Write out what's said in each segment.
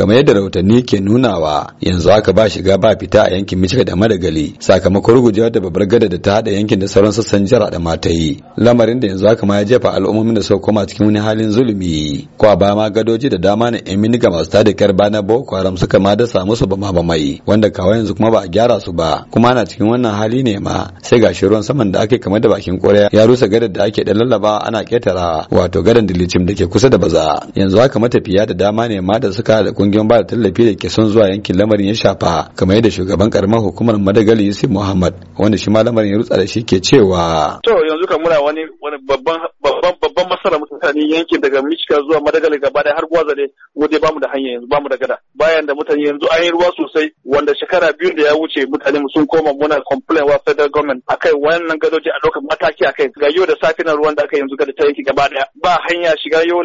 kamar yadda rahotanni ke nunawa yanzu aka ba shiga ba fita a yankin Michigan da Madagali sakamakon rugujewa da babbar gada da ta hada yankin da sauran sassan jihar da mata yi lamarin da yanzu aka ma ya jefa al'ummomin da suka koma cikin wani halin zulumi ko a ba ma gadoji da dama na yan miniga masu tada kyar na Boko Haram suka ma da dasa musu bama mai wanda kawai yanzu kuma ba a gyara su ba kuma ana cikin wannan hali ne ma sai ga ruwan saman da ake kamar da bakin koriya ya rusa gadar da ake dan lallaba ana ketara wato gadan dilicim da ke kusa da baza yanzu haka matafiya da dama ne ma da suka da kungiyoyin ba da tallafi da ke son zuwa yankin lamarin ya shafa kamar yadda shugaban karamar hukumar madagali yusuf muhammad wanda shi ma lamarin ya rutsa da shi ke cewa to yanzu kan muna wani wani babban babban babban masara mutane yankin daga michigan zuwa madagali gaba da har gwaza ne wanda bamu da hanya yanzu bamu da gada bayan da mutane yanzu an yi ruwa sosai wanda shekara biyu da ya wuce mutane sun koma muna complain wa federal government akai wannan gadoji a lokacin mataki akai ga yau da safe na ruwan da aka yanzu gada ta yanki gaba daya ba hanya shiga yau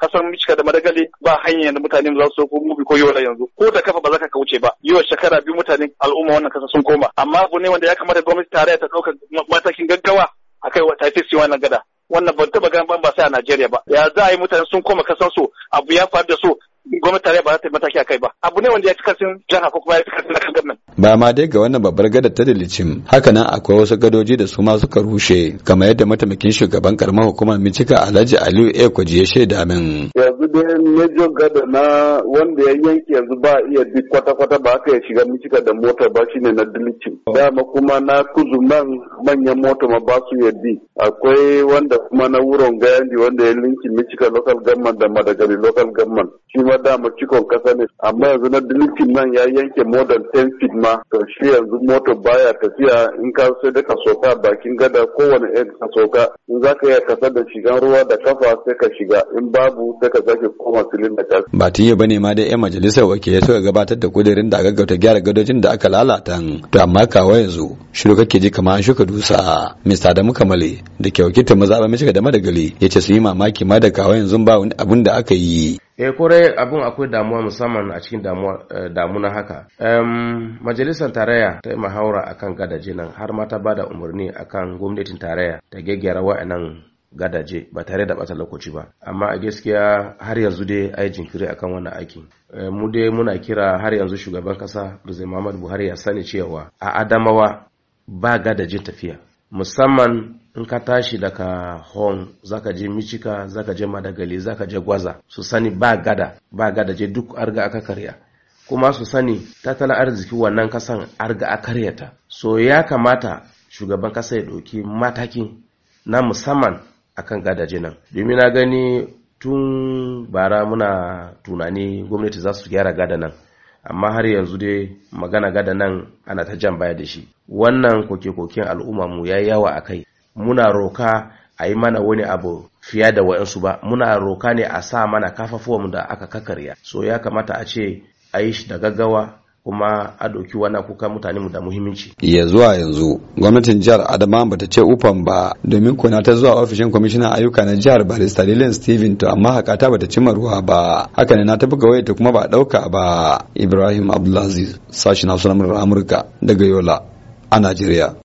kasar Michigan da Madagali ba hanyar da mutane za su ko mubi ko yola yanzu ko da kafa ba za ka kauce ba yau shekara biyu mutane al'umma wannan kasa sun koma amma abu ne wanda ya kamata gwamnati tare ta ɗauka matakin gaggawa akai wa tafi wannan gada wannan ban taba ganin ban ba sai a Najeriya ba ya za a yi mutane sun koma kasar su abu ya faru da su gwamnati tare ba za ta yi mataki akai ba abu ne wanda ya fi kasin jaha ko kuma ya fi na kan gwamnati ba ma dai ga wannan babbar gadar ta dilicin hakanan akwai wasu gadoji da su ma suka rushe kamar yadda mataimakin shugaban karamar hukumar mincika alhaji aliyu ekwaji ya shaida min yanzu dai major gada na wanda ya yanke yanzu ba iya bi kwata-kwata ba aka ya shiga mincika da motar ba shine na dalicin dama kuma na kuzu nan manyan mota ma ba su iya bi akwai wanda kuma na wuron gayandi wanda ya linki mincika local government da madagari local government shi ma dama cikon kasa ne amma yanzu na dilicin nan ya yanke more than 10 feet ma to shi yanzu motar baya tafiya in ka sai da ka soka bakin gada kowane yan ka in za ka iya kasar da shigan ruwa da kafa sai ka shiga in babu sai ka zaki koma silinda da ka ba tiye ba ne ma dai yan majalisar wakilai suka gabatar da kudirin da aka gaggauta gyara gadojin da aka lalata to amma kawo yanzu shiru kake ji kamar an shuka dusa mista da mukamale da ke wakiltar mazaɓa shiga da madagali ya ce su yi mamaki ma da kawo yanzu ba wani abun da aka yi eh kore abin akwai damuwa musamman a cikin eh, damuna haka majalisar tarayya ta yi mahaura akan gadaje nan har ma ta bada umarni akan gwamnatin tarayya ta gyaggyara wa'annan gadaje ba tare da bata lokaci ba amma a gaskiya har yanzu dai ai jinkiri akan wannan aikin eh, mu dai muna kira har yanzu shugaban kasa President Muhammadu Buhari ya sani cewa a Adamawa ba gadajin tafiya musamman in ka tashi daga hong ka je michika ka je madagali za ka je gwaza su sani ba gada ba gada je duk arga aka karya kuma su sani tattalin arziki wannan kasan arga a ta so ya kamata shugaban kasa ya ɗauki mataki na musamman akan gadaje nan domin na gani tun bara muna tunani gwamnati za su gyara gada nan amma har yanzu dai magana gada nan ana ta jan baya da shi wannan koke-koken al'umma mu ya yawa a kai muna roka a yi mana wani abu fiya da wa'insu ba muna roka ne a sa mana kafafuwanmu da aka kakarya so ya kamata a ce a yi shi da gaggawa kuma a ɗauki wani kuka mutane mu da muhimmanci. Ya zuwa yanzu gwamnatin jihar Adama ba ta ce ufan ba domin kuna ta zuwa ofishin kwamishinan ayyuka na jihar Barista Lillian Steven to amma hakata ba ta cimma ruwa ba haka ne na ta buga ta kuma ba a ɗauka ba Ibrahim Abdulaziz sashi na sunan Amurka daga Yola a Najeriya.